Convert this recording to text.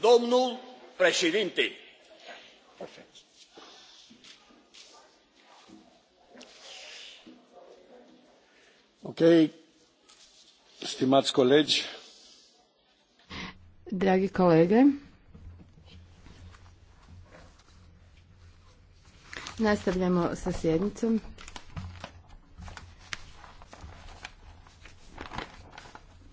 domnul președinte Ok, stimați colegi dragi kolege nastavljamo sa sjednicom.